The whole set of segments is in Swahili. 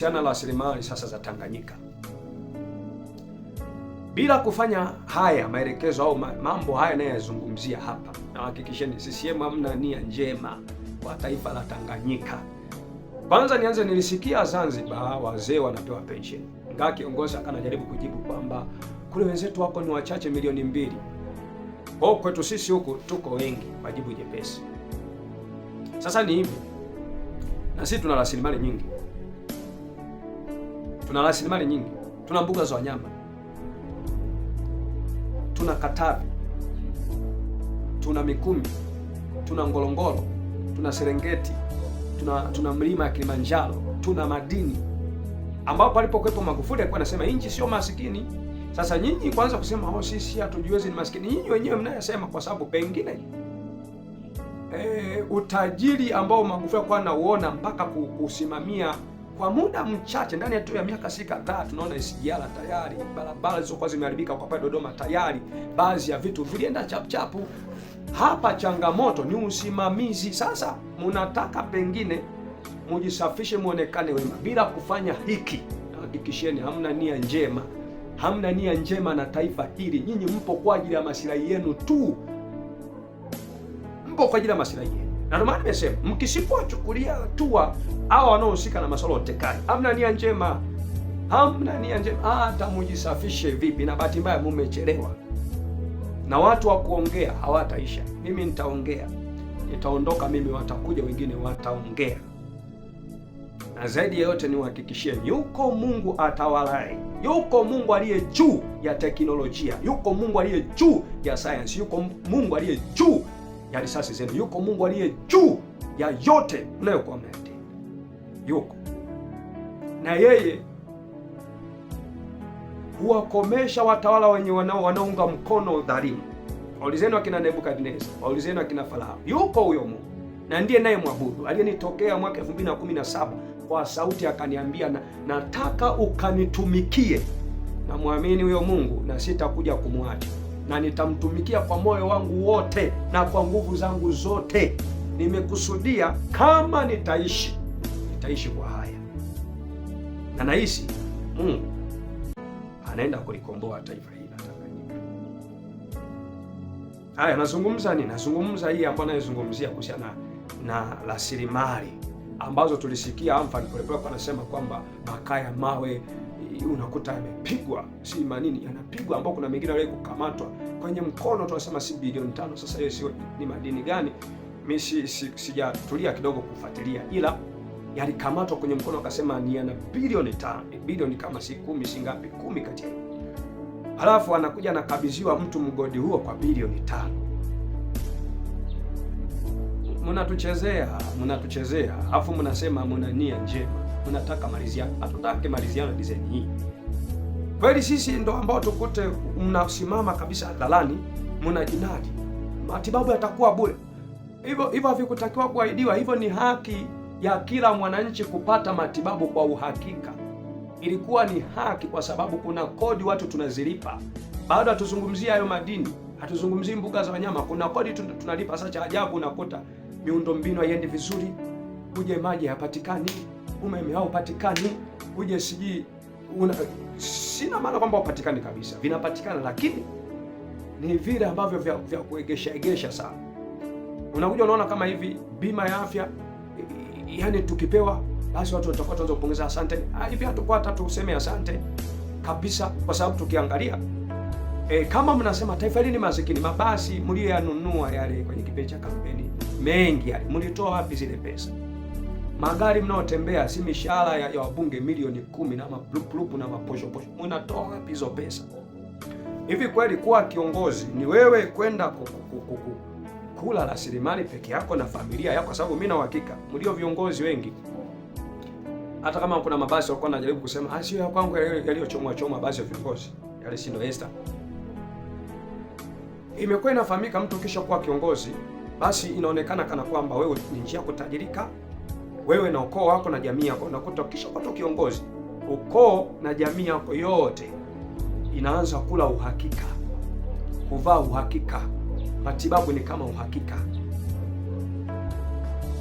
chana rasilimali sasa za Tanganyika. Bila kufanya haya maelekezo au mambo haya nayazungumzia hapa, nawahakikisheni CCM hamna nia njema kwa taifa la Tanganyika. Kwanza nianze, nilisikia Zanzibar wazee wanapewa pensheni, ingawa kiongozi akanajaribu kujibu kwamba kule wenzetu wako ni wachache milioni mbili, kwa kwetu sisi huku tuko wengi. Majibu jepesi. Sasa ni hivi, na sisi tuna rasilimali nyingi Tuna rasilimali nyingi, tuna mbuga za wanyama, tuna Katavi, tuna Mikumi, tuna Ngorongoro, tuna Serengeti, tuna tuna mlima ya Kilimanjaro, tuna madini, ambapo alipokuwepo Magufuli alikuwa anasema nchi sio masikini. Sasa nyinyi kwanza kusema oh, sisi hatujiwezi ni masikini, nyinyi wenyewe mnayasema, kwa sababu pengine e, utajiri ambao Magufuli alikuwa anauona mpaka kusimamia kwa muda mchache ndani tu ya miaka si kadhaa, tunaona SGR tayari barabara zilizokuwa zimeharibika kwa pale Dodoma tayari baadhi ya vitu vilienda chapuchapu. Hapa changamoto ni usimamizi. Sasa mnataka pengine mujisafishe, muonekane wema. Bila kufanya hiki, hakikisheni hamna nia njema, hamna nia njema na taifa hili. Nyinyi mpo kwa ajili ya masilahi yenu tu, mpo kwa ajili ya masilahi yenu na ndio maana nimesema mkisipowachukulia hatua hawa wanaohusika na masuala ya utekaji, hamna nia njema, hamna nia njema ah, hata mujisafishe vipi. Na bahati mbaya mumechelewa, na watu wa kuongea hawataisha. Mimi nitaongea, nitaondoka mimi, watakuja wengine, wataongea. Na zaidi ya yote niwahakikishie, yuko Mungu atawalai, yuko Mungu aliye juu ya teknolojia, yuko Mungu aliye juu ya sayansi, yuko Mungu aliye juu ya yaani risasi zenu. Yuko Mungu aliye juu ya yote mnayokuwa mnayatenda, yuko na yeye huwakomesha watawala wenye wanao wanaunga mkono udhalimu. Waulizeni akina Nebukadneza, waulizeni akina Farao. Yuko huyo Mungu na ndiye naye mwabudu, aliyenitokea mwaka 2017 kwa sauti akaniambia, na nataka ukanitumikie. Namwamini huyo Mungu na sitakuja kumwacha na nitamtumikia kwa moyo wangu wote na kwa nguvu zangu zote. Nimekusudia kama nitaishi, nitaishi kwa haya, na nahisi Mungu mm, anaenda kulikomboa taifa hili la Tanganyika. Haya, nazungumza nini? Nazungumza hii ambayo anayezungumzia kuhusiana na rasilimali ambazo tulisikia Humphrey Polepole anasema kwamba makaa ya mawe unakuta yamepigwa si manini, yanapigwa ambao kuna mengine wale kukamatwa kwenye mkono, tunasema si bilioni tano. Sasa hiyo sio ni madini gani? mi si, si, sijatulia kidogo kufuatilia, ila yalikamatwa kwenye mkono, akasema ni yana bilioni tano, eh, bilioni kama si kumi, si ngapi, kumi kati yao. Halafu anakuja anakabidhiwa mtu mgodi huo kwa bilioni tano. Mnatuchezea, mnatuchezea, afu mnasema mna nia njema tunataka maliziano, hatutaki na design hii. Kweli sisi ndo ambao tukute mnasimama kabisa hadharani mnajinadi matibabu yatakuwa bure, hivyo hivyo havikutakiwa kuahidiwa. Hivyo ni haki ya kila mwananchi kupata matibabu kwa uhakika, ilikuwa ni haki kwa sababu kuna kodi watu tunazilipa. Bado hatuzungumzii hayo madini, hatuzungumzii mbuga za wanyama, kuna kodi tunalipa. Sasa cha ajabu unakuta miundombinu haiendi vizuri, kuje maji hayapatikani umeme haupatikani, uje sijui una sina maana kwamba upatikani kabisa, vinapatikana lakini ni vile ambavyo vya, vya kuegesha egesha sana. Unakuja unaona kama hivi bima ya afya, yani tukipewa basi watu watakuwa tuanza kupongeza asante ah, hivi, hatakuwa hata tuseme asante kabisa, kwa sababu tukiangalia e, kama mnasema taifa hili ni masikini, mabasi mlioyanunua yale kwenye kipindi cha kampeni mengi yale mlitoa wapi zile pesa? magari mnaotembea si mishahara ya, ya wabunge milioni kumi na mapluplupu na maposhoposho, mnatoa wapi hizo pesa? Hivi kweli kuwa kiongozi ni wewe kwenda kukuku kula rasilimali peke yako na familia yako? Kwa sababu mimi na uhakika mlio viongozi wengi, hata kama kuna mabasi walikuwa wanajaribu kusema ah, sio ya kwangu yaliyochomwa choma basi ya viongozi yale, si ndo Esther, imekuwa inafahamika, mtu kisha kuwa kiongozi basi inaonekana kana kwamba wewe ni njia kutajirika wewe na ukoo wako na jamii yako. Unakuta ukishapata kiongozi, ukoo na jamii yako yote inaanza kula uhakika, kuvaa uhakika. Matibabu ni kama uhakika.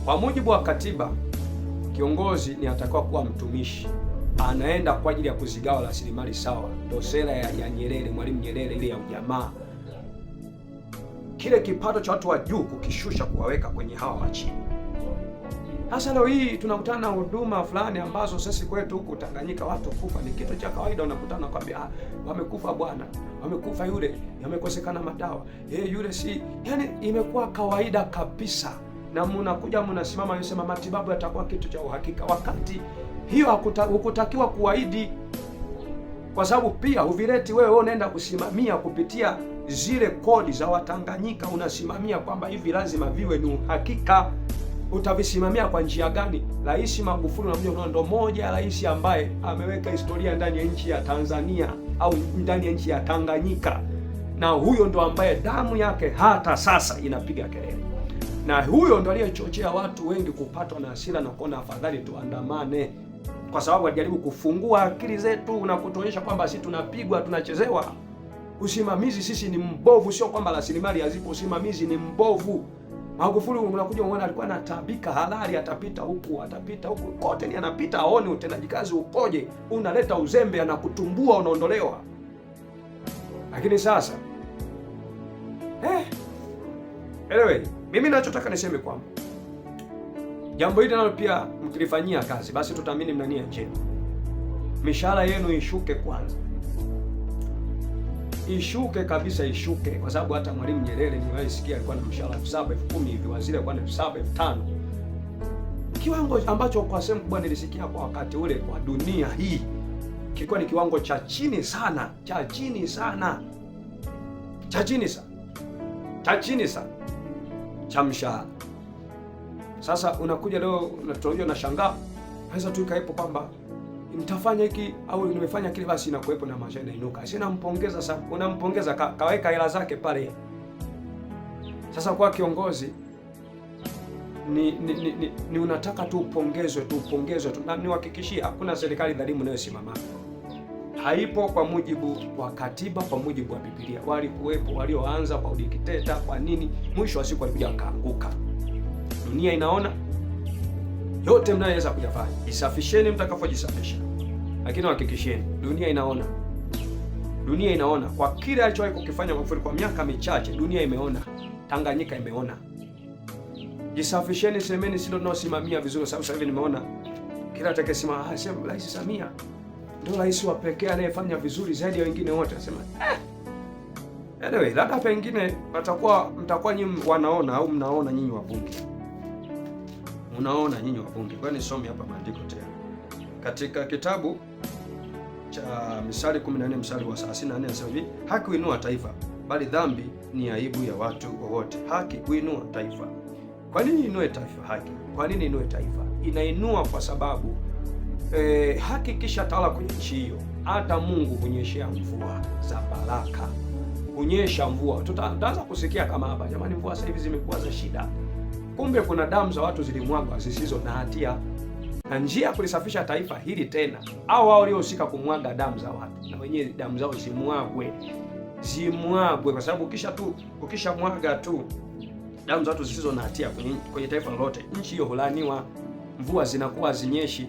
Kwa mujibu wa katiba, kiongozi ni atakiwa kuwa mtumishi, anaenda kwa ajili ya kuzigawa rasilimali sawa. Ndio sera ya, ya Nyerere, Mwalimu Nyerere, ile ya ujamaa, kile kipato cha watu wa juu kukishusha, kuwaweka kwenye hawa wa chini. Hasa leo hii tunakutana na huduma fulani ambazo sisi kwetu huku Tanganyika watu kufa ni kitu cha kawaida. Unakutana kwambia, ah, wamekufa bwana, wamekufa yule, yamekosekana madawa eh, yule si, yani imekuwa kawaida kabisa, na mnakuja mnasimama yosema matibabu yatakuwa kitu cha uhakika, wakati hiyo hukutakiwa kuahidi, kwa sababu pia uvireti wewe, wewe unaenda kusimamia kupitia zile kodi za Watanganyika, unasimamia kwamba hivi lazima viwe ni uhakika utavisimamia kwa njia gani? Rais Magufuli unamjua, unaona, ndo moja ya rais ambaye ameweka historia ndani ya nchi ya Tanzania au ndani ya nchi ya Tanganyika, na huyo ndo ambaye damu yake hata sasa inapiga kelele, na huyo ndo aliyechochea watu wengi kupatwa na hasira na kuona afadhali tuandamane, kwa sababu alijaribu kufungua akili zetu na kutuonyesha kwamba sisi tunapigwa, tunachezewa. Usimamizi sisi ni mbovu, sio kwamba rasilimali hazipo, usimamizi ni mbovu. Magufuli unakuja unaona alikuwa anatabika halali, atapita huku atapita huku kote, ni anapita aone utendaji kazi ukoje, unaleta uzembe, anakutumbua, unaondolewa. Lakini sasa eh, elewe, mimi nachotaka niseme kwamba jambo hili nalo pia mkilifanyia kazi, basi tutaamini mna nia njema. Mishahara yenu ishuke kwanza ishuke kabisa, ishuke, kwa sababu hata Mwalimu Nyerere niliwaisikia alikuwa na mshahara elfu saba elfu kumi hivi, waziri alikuwa na elfu saba elfu tano kiwango ambacho kwa sehemu kubwa nilisikia kwa wakati ule kwa dunia hii kilikuwa ni kiwango cha chini sana cha chini sana cha chini sana cha chini sana cha mshahara. Sasa unakuja leo, tunajua, na pesa tu ikaipo kwamba mtafanya hiki au nimefanya kile, basi inakuwepo na maisha inainuka. Sasa nampongeza sana, unampongeza ka, kaweka hela zake pale. Sasa kwa kiongozi ni ni, ni, ni, ni unataka tu upongezwe tu upongezwe tu, na niwahakikishie hakuna serikali dhalimu inayosimama haipo kwa mujibu wa katiba, kwa mujibu wa Biblia. Walikuwepo walioanza kwa udikteta, kwa nini? Mwisho wa siku walikuja wakaanguka. Dunia inaona yote mnayoweza kuyafanya, jisafisheni mtakapojisafisha, lakini hakikisheni dunia inaona. Dunia inaona kwa kile alichowahi kukifanya Magufuli. Kwa miaka michache, dunia imeona, Tanganyika imeona. Jisafisheni, semeni silo tunaosimamia vizuri, sababu sasa hivi nimeona kila atakayesema ah, Rais Samia ndio rais wa pekee anayefanya vizuri zaidi ya wengine wote, asema eh. Anyway, labda pengine watakuwa mtakuwa nyinyi wanaona au mnaona nyinyi wabunge Unaona nyinyi wabunge, kwa nisome hapa maandiko tena katika kitabu cha Misali 14 mstari wa 34 anasema hivi, haki huinua taifa, bali dhambi ni aibu ya watu wowote. Haki huinua taifa. Kwa nini inue taifa haki? Kwa nini inue taifa? Inainua kwa sababu e, haki kisha tawala kwenye nchi hiyo, hata Mungu hunyeshea mvua za baraka, hunyesha mvua. Tutaanza kusikia kama hapa, jamani, mvua sasa hivi zimekuwa za shida Kumbe kuna damu za watu zilimwagwa zisizo na hatia, na njia ya kulisafisha taifa hili tena, au wao waliohusika kumwaga damu za watu, na wenyewe damu zao zimwagwe, zimwagwe, kwa sababu ukisha tu ukisha mwaga tu damu za watu zisizo na hatia kwenye, kwenye taifa lolote, nchi hiyo hulaniwa mvua zinakuwa zinyeshi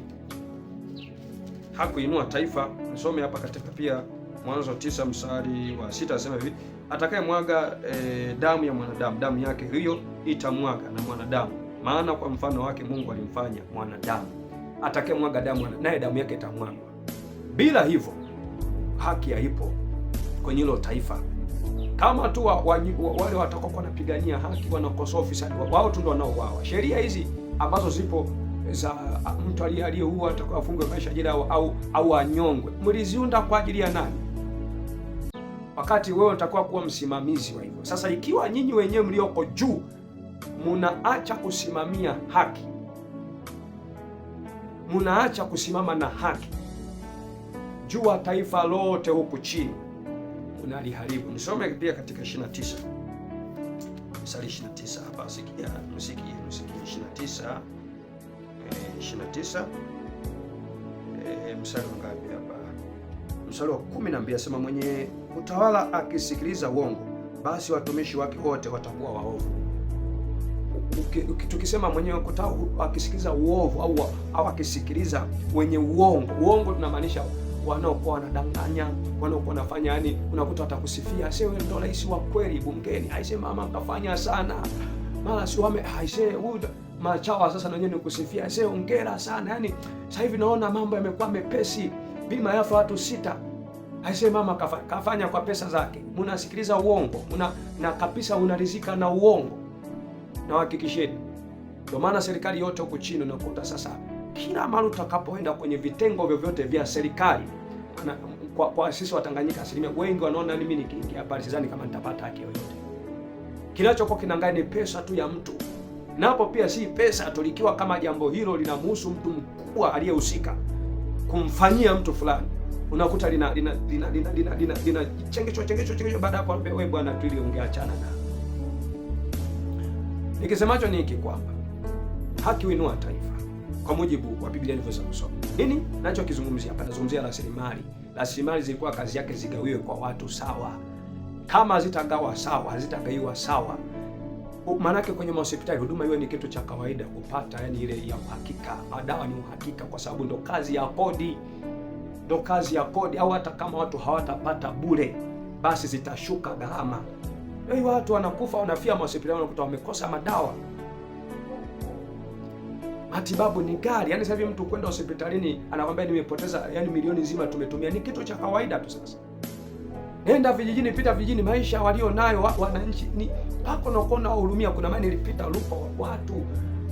Hakuinua taifa. Nisome hapa katika pia Mwanzo tisa mstari wa sita, asema hivi atakayemwaga e, damu ya mwanadamu, damu yake hiyo itamwaga na mwanadamu, maana kwa mfano wake Mungu alimfanya mwanadamu. Atakayemwaga damu naye damu yake itamwagwa. Bila hivyo haki haipo kwenye hilo taifa, kama tu wa, wa, wa, wale watakuwa wanapigania haki wanakosoa ufisadi wao tu ndio wanaouawa. Sheria hizi ambazo zipo za ah, mtu aliyeua atakayofungwa afungwe maisha jela au, au anyongwe, mliziunda kwa ajili ya nani? wakati wewe utakuwa kuwa msimamizi wa hivyo. Sasa ikiwa nyinyi wenyewe mlioko juu munaacha kusimamia haki, munaacha kusimama na haki, jua taifa lote huku chini unaliharibu. Nisome pia katika 29 mstari 29 hapa, sikia msiki msiki 29 29 mstari wangapi hapa? Mstari wa 12 asema mwenye Mtawala akisikiliza uongo, basi watumishi wake wote watakuwa waovu. Tukisema mwenyewe kuta akisikiliza uovu au, au akisikiliza wenye uongo. Uongo tunamaanisha wanaokuwa wanadanganya, wanaokuwa wanafanya, yani unakuta watakusifia, aisee, wewe ndo rais wa kweli bungeni, aise mama mtafanya sana, mara si wame, aise huyu machawa sasa na wenyewe nikusifia, aisee, ongera sana. Yani sasa hivi naona mambo yamekuwa mepesi, bima yafa watu sita aise, mama kafanya, kafanya kwa pesa zake. Munasikiliza uongo muna, na kabisa unarizika na uongo na uhakikisheni. Ndio maana serikali yote huku chini unakuta sasa, kila mara utakapoenda kwenye vitengo vyovyote vya serikali na, kwa, kwa sisi Watanganyika asilimia wengi wanaona mimi nikiingia habari sidhani kama nitapata haki yoyote. Kinachokuwa kinangaa ni pesa tu ya mtu, napo pia si pesa tulikiwa, kama jambo hilo linamhusu mtu mkubwa aliyehusika kumfanyia mtu fulani unakuta lina lina lina lina lina lina lina chengecho chengecho chengecho. Baada hapo anambia wewe bwana, tuili ungeachana na nikisemacho ni hiki kwamba haki huinua taifa kwa mujibu wa Biblia ilivyoweza kusoma. Nini nacho kizungumzia hapa? Nazungumzia rasilimali. Rasilimali zilikuwa kazi yake zigawiwe kwa watu sawa. Kama zitagawa sawa, hazitagaiwa sawa, maanake kwenye mahospitali huduma hiyo ni kitu cha kawaida kupata, yani ile ya uhakika. Madawa ni uhakika, kwa sababu ndo kazi ya kodi ndo kazi ya kodi, au hata kama watu hawatapata bure, basi zitashuka gharama. Hiyo watu wanakufa wanafia mahospitali, wanakuta wamekosa madawa, matibabu ni gari. Yani sasa hivi mtu kwenda hospitalini anakwambia nimepoteza, yani milioni nzima tumetumia, ni kitu cha kawaida tu. Sasa nenda vijijini, pita vijijini, maisha walio nayo wananchi ni pako na kuona wahurumia. Kuna maana nilipita Lupa, watu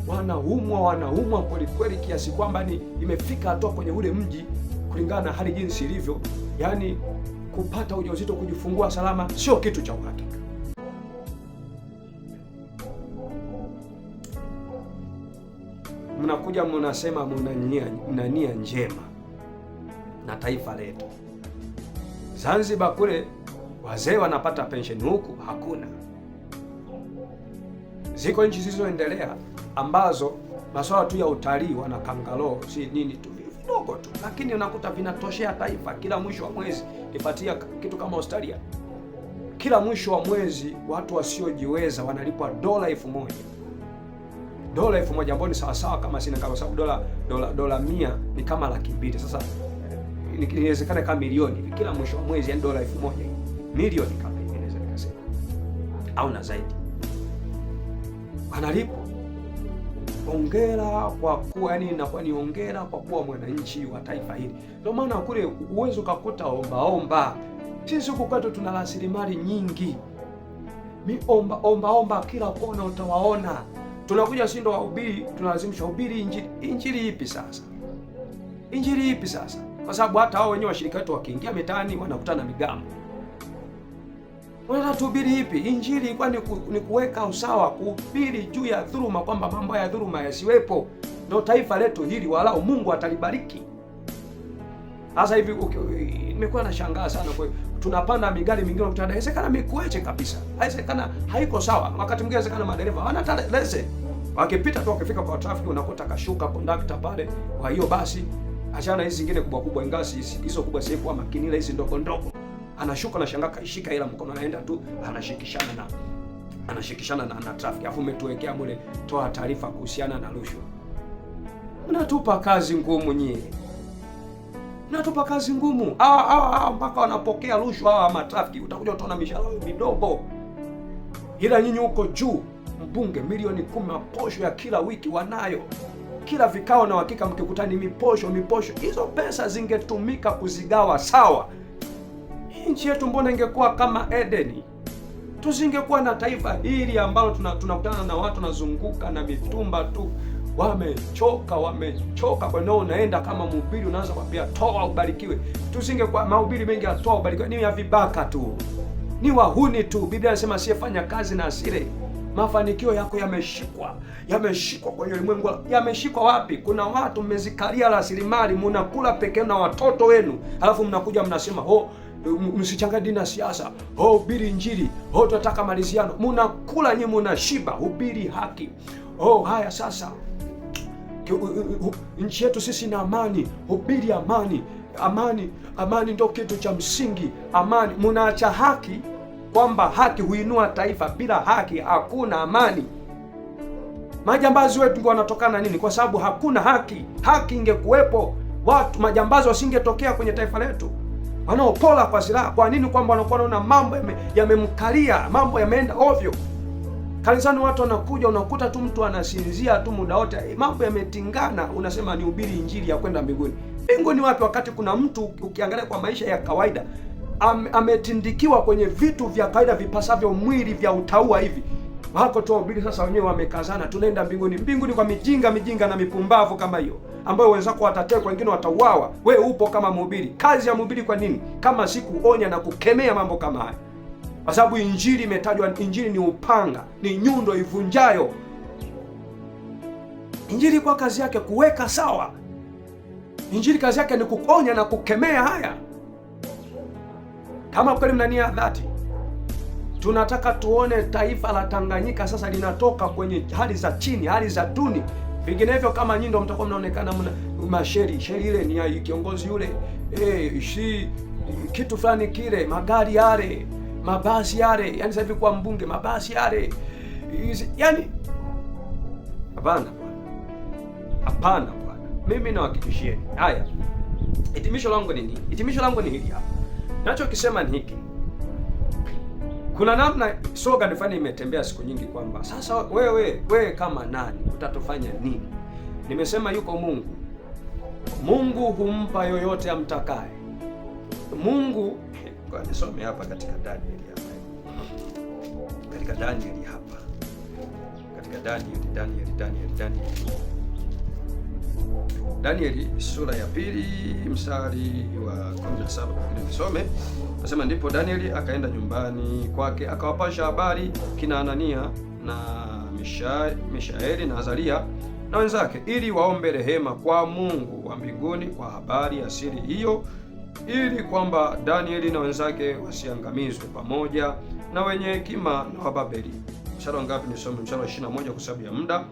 wanaumwa wanaumwa kwelikweli, kiasi kwamba ni imefika hatua kwenye ule mji kulingana na hali jinsi ilivyo, yaani kupata ujauzito, kujifungua salama sio kitu cha uhakika. Mnakuja mnasema mna nia njema na taifa letu. Zanzibar kule wazee wanapata pensheni, huku hakuna. Ziko nchi zilizoendelea ambazo masuala tu ya utalii wana kangaroo si nini tu kidogo tu, lakini unakuta vinatoshea taifa. Kila mwisho wa mwezi nipatia kitu kama Australia, kila mwisho wa mwezi watu wasiojiweza wanalipwa dola elfu moja dola elfu moja ambayo ni sawasawa kama sina kama sababu dola dola dola mia ni kama laki mbili sasa inawezekana kama milioni kila mwisho wa mwezi, yani dola elfu moja milioni kama hivi, nikasema au na zaidi, analipwa hongera kwa kuwa yani, inakuwa ni hongera kwa kuwa mwananchi wa taifa hili. Ndio maana kule uwezo ukakuta ombaomba. Sisi huku kwetu tuna rasilimali nyingi, mi omba omba omba, kila kona utawaona. Tunakuja ndo wahubiri, tunalazimisha hubiri injili. Injili ipi sasa? Injili ipi sasa? Kwa sababu hata hao wenyewe washirika wetu wakiingia mitaani wanakutana na migambo. Unatubiri ipi? Injili ilikuwa ni, ku, ni kuweka usawa, kuhubiri juu ya dhuluma, kwamba mambo ya dhuluma yasiwepo, ndio taifa letu hili walau Mungu atalibariki. Sasa hivi nimekuwa nashangaa sana kwa tunapanda migari mingine unakuta inawezekana mikuache kabisa. Inawezekana haiko sawa. Wakati mwingine inawezekana madereva hawana leseni. Wakipita tu wakifika kwa trafiki unakuta kashuka kondakta pale. Kwa hiyo basi achana hizi zingine kubwa kubwa, ingawa hizo kubwa sio kwa makini, hizi ndogo ndogo anashuka anashangaa kaishika hela mkono, anaenda tu anashikishana na anashikishana na, na trafiki, afu umetuwekea mule toa taarifa kuhusiana na rushwa. Mnatupa kazi ngumu nyie, mnatupa kazi ngumu hawa hawa hawa, mpaka wanapokea rushwa hawa matrafiki, utakuja utaona mishahara midogo, ila nyinyi huko juu mbunge milioni kumi maposho ya kila wiki wanayo kila vikao na uhakika mkikutani, miposho miposho. Hizo pesa zingetumika kuzigawa sawa nchi yetu mbona ingekuwa kama Edeni, tusingekuwa na taifa hili ambalo tunakutana tuna na watu nazunguka na mitumba tu, wamechoka wamechoka. Kwa nao unaenda kama mhubiri, unaanza kuambia toa ubarikiwe. Tusingekuwa mahubiri mengi ya toa ubarikiwe, ni ya vibaka tu, ni wahuni tu. Biblia inasema asiyefanya kazi na asile. Mafanikio yako yameshikwa, yameshikwa kwenye ulimwengu. Yameshikwa wapi? Kuna watu mmezikalia rasilimali, mnakula pekee na watoto wenu, halafu mnakuja mnasema oh Eh, msichanga dina na siasa. Ho, oh, hubiri Injili. Oh, tunataka maliziano. Munakula nyinyi, munashiba. Hubiri haki. Oh, haya sasa, nchi yetu sisi na amani. Hubiri amani, amani, amani ndio kitu cha msingi. Amani, munaacha haki, kwamba haki huinua taifa. Bila haki hakuna amani. Majambazi wetu wanatokana nini? Kwa sababu hakuna haki. Haki ingekuwepo, watu majambazi wasingetokea kwenye taifa letu wanaopola kwa silaha. Kwa nini? Kwamba wanakuwa wanaona mambo yamemkalia, yame mambo yameenda ovyo. Kanisani watu wanakuja, unakuta tu mtu anasinzia tu muda wote, eh, mambo yametingana. Unasema ni ubiri injili ya kwenda mbinguni. Mbingu ni wapi, wakati kuna mtu ukiangalia kwa maisha ya kawaida am, ametindikiwa kwenye vitu vya kawaida vipasavyo mwili vya utaua hivi wako tu wahubiri sasa wenyewe wamekazana, tunaenda mbinguni. Mbinguni kwa mijinga mijinga na mipumbavu kama hiyo, ambayo wenzako watatekwa, wengine watauawa, we upo kama mhubiri. Kazi ya mhubiri kwa nini kama si kuonya na kukemea mambo kama haya? Kwa sababu injili imetajwa, injili ni upanga, ni nyundo ivunjayo. Injili kwa kazi yake kuweka sawa, injili kazi yake ni kuonya na kukemea haya, kama kweli mnania dhati Tunataka tuone taifa la Tanganyika sasa linatoka kwenye hali za chini, hali za duni. Vinginevyo kama nyinyi ndio mtakuwa mnaonekana mna masheri sheri, ile ni ya kiongozi yule, eh, shi kitu fulani kile, magari yale, mabasi yale, yani sasa hivi kwa mbunge mabasi yale, yani hapana bwana, hapana bwana, mimi nawahakikishieni haya. Hitimisho langu ni nini? Hitimisho langu ni hili hapa, nachokisema ni hiki kuna namna slogan fulani imetembea siku nyingi kwamba sasa wewe wewe kama nani utatufanya nini? Nimesema yuko Mungu. Mungu humpa yoyote amtakaye. Mungu kwa nisome hapa katika Danieli hapa. Katika Danieli hapa. Katika Danieli Danieli Danieli Danieli. Danieli sura ya pili mstari wa 17 nisome. Nasema ndipo Danieli akaenda nyumbani kwake akawapasha habari kina Anania na Mishaeli, na Azaria na wenzake ili waombe rehema kwa Mungu wa mbinguni kwa habari ya siri hiyo ili kwamba Danieli na wenzake wasiangamizwe pamoja na wenye hekima na Wababeli. Mstari ngapi Nisome mstari wa 21 kwa sababu ya muda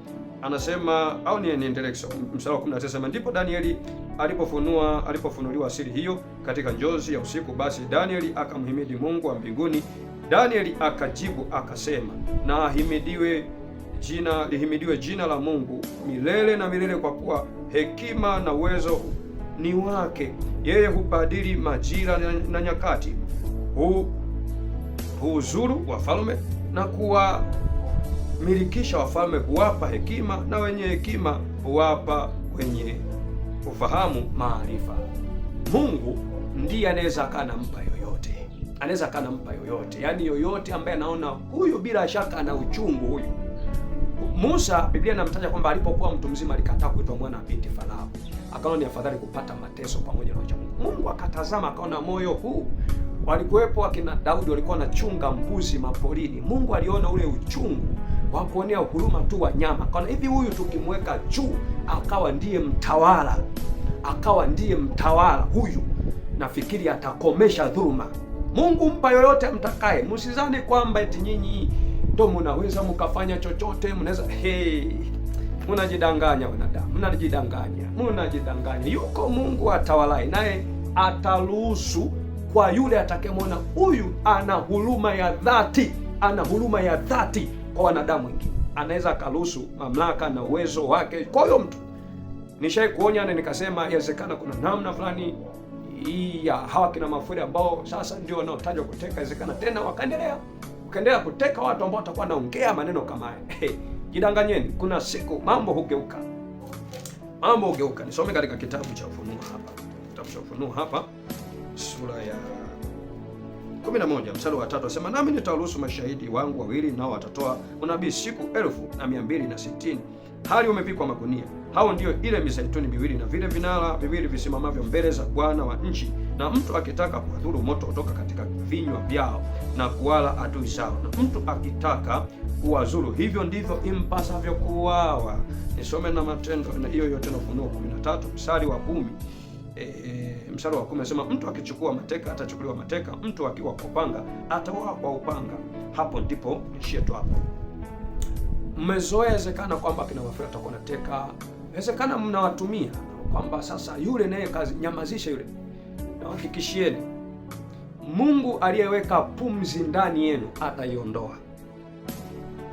anasema au ni niendelee mstari wa 19 anasema ndipo Danieli alipofunua alipofunuliwa siri hiyo katika njozi ya usiku, basi Danieli akamhimidi Mungu wa mbinguni. Danieli akajibu akasema, na ahimidiwe jina lihimidiwe jina la Mungu milele na milele, kwa kuwa hekima na uwezo ni wake. Yeye hubadili majira na nyakati, huuzuru wafalme na kuwa milikisha wafalme huwapa hekima na wenye hekima huwapa wenye ufahamu maarifa. Mungu ndiye anaweza akaa yoyote, anaweza akaa yoyote, yaani yoyote ambaye anaona huyu bila shaka ana uchungu huyu. Musa, Biblia inamtaja kwamba alipokuwa mtu mzima alikataa kuitwa mwana binti Farao, akaona ni afadhali kupata mateso pamoja na wacha Mungu Mungu akatazama akaona moyo huu walikuwepo akina Daudi walikuwa wanachunga mbuzi maporini. Mungu aliona ule uchungu wa kuonea huruma tu wanyama. Kana hivi huyu tukimweka juu akawa ndiye mtawala, akawa ndiye mtawala huyu, nafikiri atakomesha dhuluma. Mungu mpa yoyote mtakaye. Msizani kwamba eti nyinyi ndo mnaweza mkafanya chochote, mnaweza hey. Mnajidanganya wanadamu, mnajidanganya, mnajidanganya. Yuko Mungu atawalaye, naye ataruhusu kwa yule atakayemwona huyu ana huruma ya dhati, ana huruma ya dhati kwa wanadamu wengine, anaweza akaruhusu mamlaka na uwezo wake kwa huyo mtu. Nishai kuonya na nikasema yawezekana kuna namna fulani hii ya hawa kina Mafuri ambao sasa ndio wanaotajwa kuteka, inawezekana tena wakaendelea ukaendelea kuteka watu ambao watakuwa naongea maneno kama haya. jidanganyeni, kuna siku mambo hugeuka, mambo hugeuka. Nisome katika kitabu cha Ufunuo hapa, kitabu cha Ufunuo hapa sura ya 11 mstari wa 3 anasema, nami nitaruhusu mashahidi wangu wawili, nao watatoa unabii siku elfu na mia mbili na sitini hali umepikwa magunia. Hao ndiyo ile mizeituni miwili na vile vinara viwili visimamavyo mbele za Bwana wa nchi, na mtu akitaka kuwadhuru moto utoka katika vinywa vyao na kuwala adui zao, na mtu akitaka kuwazuru, hivyo ndivyo impasavyo kuwawa. Nisome na matendo hiyo yote na Ufunuo 13 mstari wa kumi e, eh, eh, mstari wa kumi anasema mtu akichukua mateka atachukuliwa mateka, mtu akiwa kwa upanga atauawa kwa upanga. Hapo ndipo ishie tu hapo. Mmezoea, wezekana kwamba kina Wafilisti atakuwa na teka, wezekana mnawatumia kwamba sasa yule naye kazi nyamazisha yule. Nawahakikishieni, Mungu aliyeweka pumzi ndani yenu ataiondoa,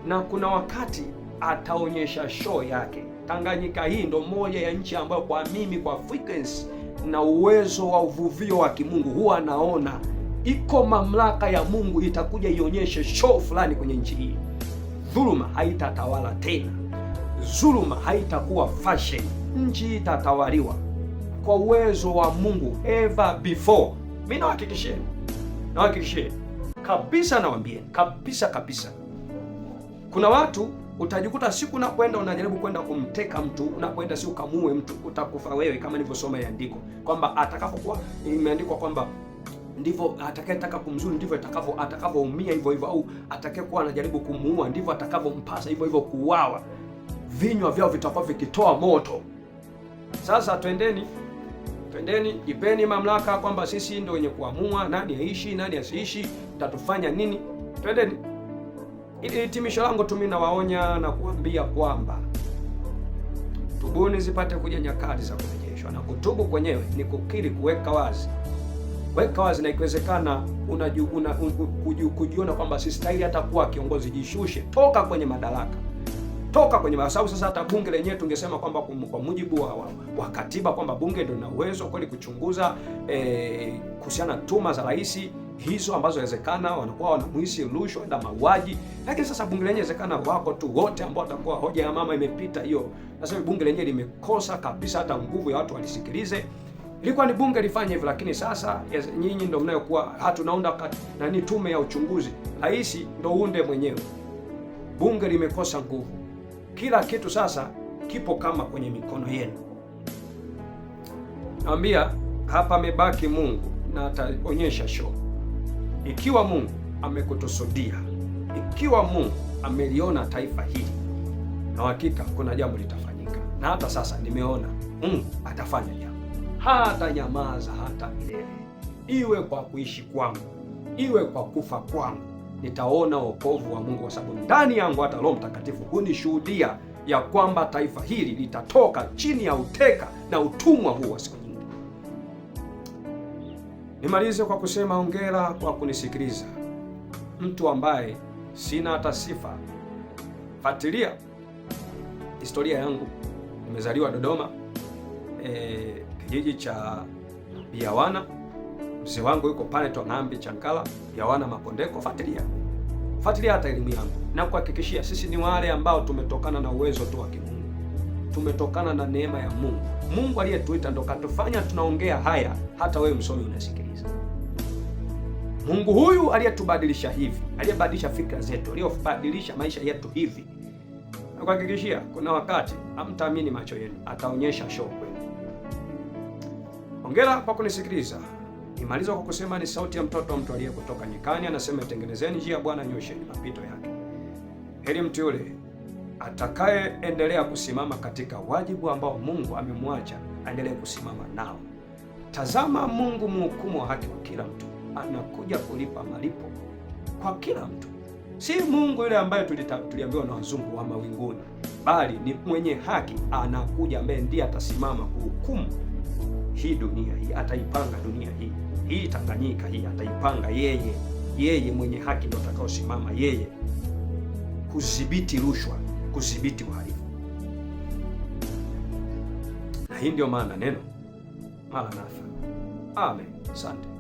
na kuna wakati ataonyesha show yake. Tanganyika hii ndo moja ya nchi ambayo kwa mimi, kwa frequency na uwezo wa uvuvio wa kimungu, huwa anaona iko mamlaka ya Mungu itakuja ionyeshe show fulani kwenye nchi hii. Dhuluma haitatawala tena, dhuluma haitakuwa fashion. Nchi itatawaliwa kwa uwezo wa Mungu ever before. Mi nawahakikisheni, nawahakikisheni kabisa, nawambieni kabisa kabisa, kuna watu utajikuta siku unakwenda unajaribu kwenda kumteka mtu, unakwenda si ukamue mtu, utakufa wewe, kama nilivyosoma ya andiko kwamba atakapokuwa imeandikwa kwamba ndivyo atakayetaka kumzuri ndivyo atakavyo atakavyoumia hivyo hivyo, au atakayekuwa anajaribu kumuua ndivyo atakavyompasa hivyo hivyo kuuawa. Vinywa vyao vitakuwa vikitoa moto. Sasa twendeni, twendeni, ipeni mamlaka kwamba sisi ndio wenye kuamua nani aishi nani asiishi, tatufanya nini? Twendeni. Ili hitimisho langu tu, mimi nawaonya na kuambia kwamba tubuni, zipate kuja nyakati za kurejeshwa, na kutubu kwenyewe ni kukiri, kuweka wazi, kuweka wazi, na ikiwezekana unajiona una, un, kujiona kwamba sistahili hata kuwa kiongozi. Jishushe, toka kwenye madaraka toka kwenye sababu sasa, hata bunge lenyewe tungesema kwamba kwa mujibu wa, wa, wa katiba kwamba bunge ndio lina uwezo kweli kuchunguza eh, kuhusiana na za rais hizo ambazo inawezekana wanakuwa wanamuhisi rushwa na mauaji, lakini sasa bunge lenyewe inawezekana wako tu wote ambao watakuwa hoja ya mama imepita hiyo. Sasa bunge lenyewe limekosa kabisa hata nguvu ya watu walisikilize. Ilikuwa ni bunge lifanye hivyo, lakini sasa nyinyi ndio mnayokuwa hatunaunda nani, tume ya uchunguzi, rais ndio uunde mwenyewe. Bunge limekosa nguvu, kila kitu sasa kipo kama kwenye mikono yenu. Naambia hapa amebaki Mungu na ataonyesha show. Ikiwa Mungu amekutosudia, ikiwa Mungu ameliona taifa hili, na hakika kuna jambo litafanyika, na hata sasa nimeona Mungu atafanya jambo, hata nyamaza hata milele, iwe kwa kuishi kwangu, iwe kwa kufa kwangu, nitaona wokovu wa Mungu, kwa sababu ndani yangu hata Roho Mtakatifu hunishuhudia ya kwamba taifa hili litatoka chini ya uteka na utumwa huu wa siku Nimalize kwa kusema hongera kwa kunisikiliza, mtu ambaye sina hata sifa. Fatilia historia yangu, nimezaliwa Dodoma, e, kijiji cha Biawana. Mzee wangu yuko pale Twang'ambi Chankala, Biawana Makondeko. Fatilia, fatilia hata elimu yangu, na kuhakikishia sisi ni wale ambao tumetokana na uwezo tu wa kimungu tumetokana na neema ya Mungu. Mungu aliyetuita ndo katufanya tunaongea haya, hata wewe msomi unasikiliza. Mungu huyu aliyetubadilisha hivi, aliyebadilisha fikra zetu, aliyobadilisha maisha yetu hivi, nakuhakikishia kuna wakati hamtaamini macho yenu, ataonyesha show kwenu. Hongera kwa kunisikiliza. Nimaliza kwa kusema ni sauti ya mtoto wa mtu aliye kutoka nyikani, anasema itengenezeni njia ya Bwana, nyosheni mapito yake. Heri mtu yule atakayeendelea kusimama katika wajibu ambao Mungu amemwacha aendelee kusimama nao. Tazama, Mungu mhukumu wa haki wa kila mtu anakuja kulipa malipo kwa kila mtu. Si Mungu yule ambaye tuliambiwa na wazungu wa mawinguni, bali ni mwenye haki anakuja, ambaye ndiye atasimama kuhukumu hii dunia hii, ataipanga dunia hii hii Tanganyika hii ataipanga yeye. Yeye mwenye haki ndio atakaosimama yeye kudhibiti rushwa kudhibiti uhalifu. Na hii ndio maana neno maranatha. Amen. Asante.